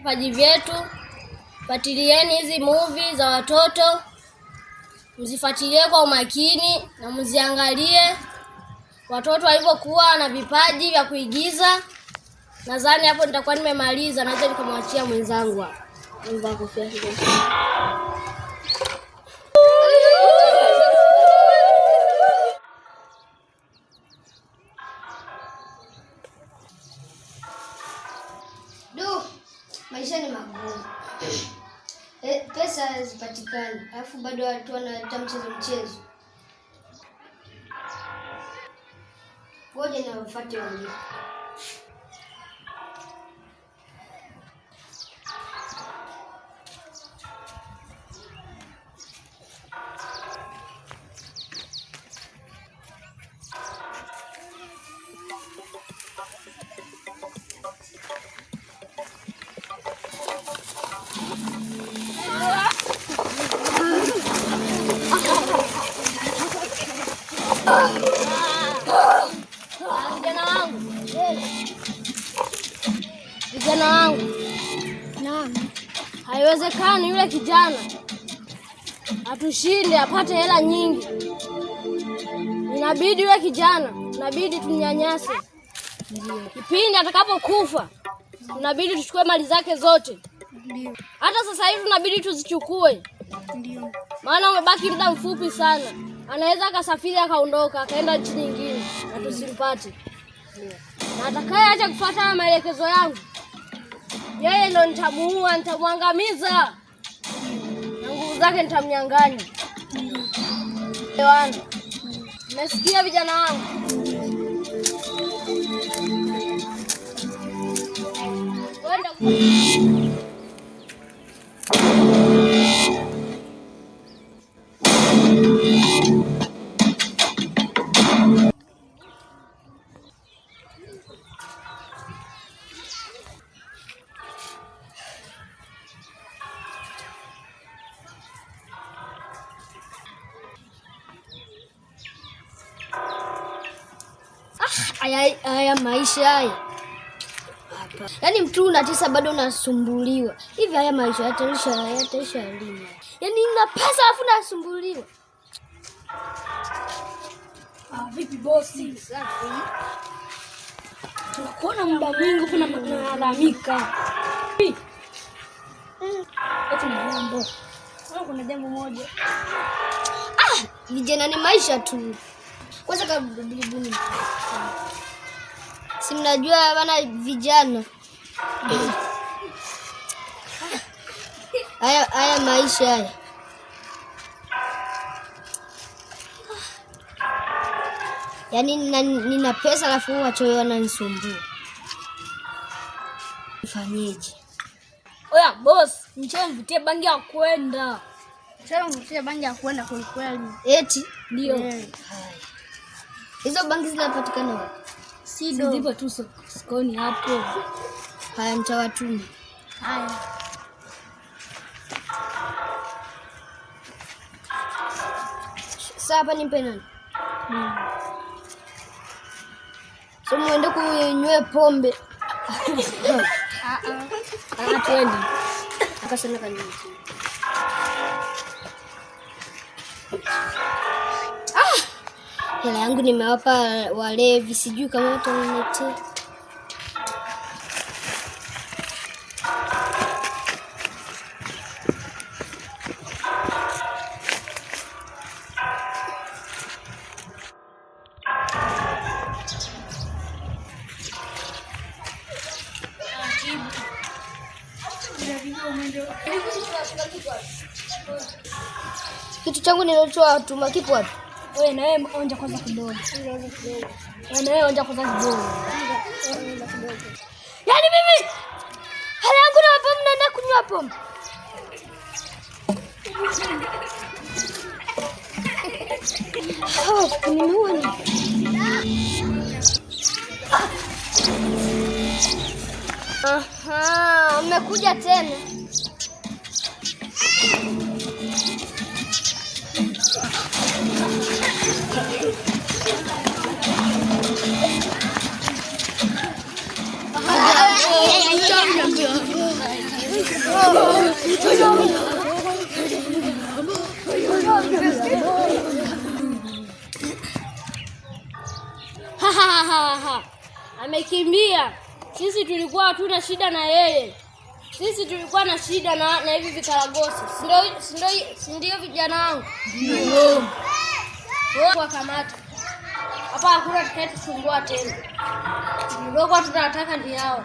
vipaji vyetu, fuatilieni hizi movie za watoto, mzifuatilie kwa umakini na mziangalie watoto walivyokuwa na vipaji vya kuigiza. Nadhani hapo nitakuwa nimemaliza, naweza nikamwachia mwenzangu Eh, pesa hazipatikani, alafu bado watu wanaleta mchezo mchezo. Ngoja na wafuate wengine. haiwezekani yule kijana atushinde apate hela nyingi. Inabidi yule kijana, inabidi tumnyanyase. Kipindi atakapokufa, inabidi tuchukue mali zake zote. Hata sasa hivi tunabidi tuzichukue, maana umebaki muda mfupi sana. Anaweza akasafiri akaondoka akaenda nchi nyingine na tusipate, na atakayeacha kufuata maelekezo yangu yeye ndo nitamuua, nitamwangamiza na nguvu zake nitamnyang'anya. Wana mmesikia vijana wangu? Kwenda haya haya maisha haya. Hapa yaani mtu una tisa bado unasumbuliwa hivi, haya maisha yataisha, yataisha lini? Yaani napasa afu nasumbuliwa ah, vipi bosi? tunakuona muda mwingi kuna malalamika. Kuna jambo moja, ah, vijana ni maisha tu. Kwanza kabuni, si mnajua bana vijana haya haya maisha haya yaani nina pesa alafu wachoyo wananisumbua, nifanyeje? Oya boss, mvutie bangi ya kwenda, mchamvutie bangi ya kwenda kwelikweli, eti ndio. Eh, Hizo bangi zinapatikana wapi? Si do. Zipo tu sokoni hapo. Haya nitawatuma. Haya. Sasa hapa nimpe nani? Hmm. So muende kunywe pombe. Ah ah. Atwendi. Akasema kanini hela yangu nimewapa walevi, sijui kama wataniletea. Kitu changu nilichoa tuma kipo wapi? Wewe na wewe onja kwanza kidogo. Wewe na wewe onja kwanza kidogo. Yaani mimi hali yangu na hapo mnaenda kunywa hapo. Oh, ni muone. Aha, umekuja tena. Amekimbia. Sisi tulikuwa hatuna shida na yeye. Sisi tulikuwa na shida na, na hivi vikaragosi, si ndio vijana wangu? Ndio. Wakamata hapa, hakuna tena. Ndio kwa tunataka ndio hao.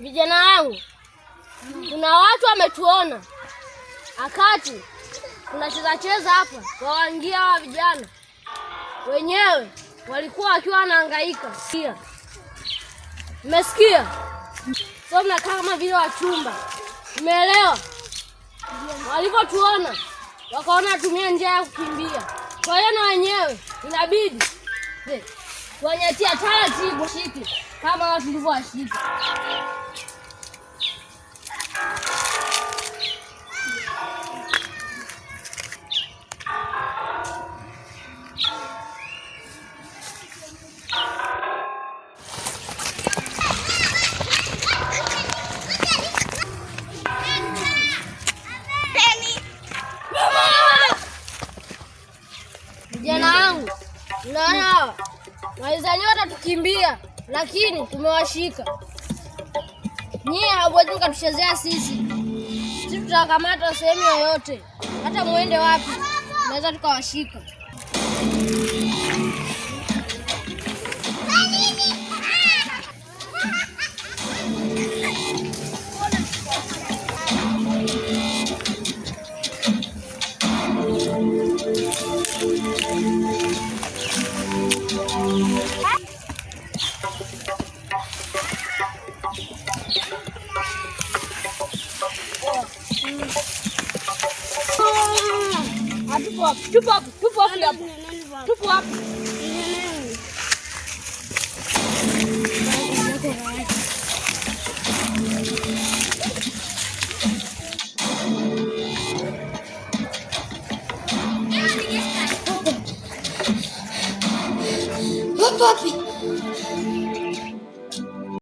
Vijana wangu, kuna watu wametuona akati tunacheza cheza hapa, wawaingia hawa vijana wenyewe walikuwa wakiwa wanahangaika. Mmesikia? kwa mnakaa kama vile wachumba, umeelewa? Walivyotuona wakaona tumia njia ya kukimbia, kwa hiyo na wenyewe inabidi wanyatia eh, taratibu, shiki kama watu tulivyowashika. lakini tumewashika. Nyie hamwezi mkatuchezea sisi, sisi tutawakamata sehemu yoyote, hata muende wapi, tunaweza tukawashika. up, scoop up, scoop up, scoop up, up.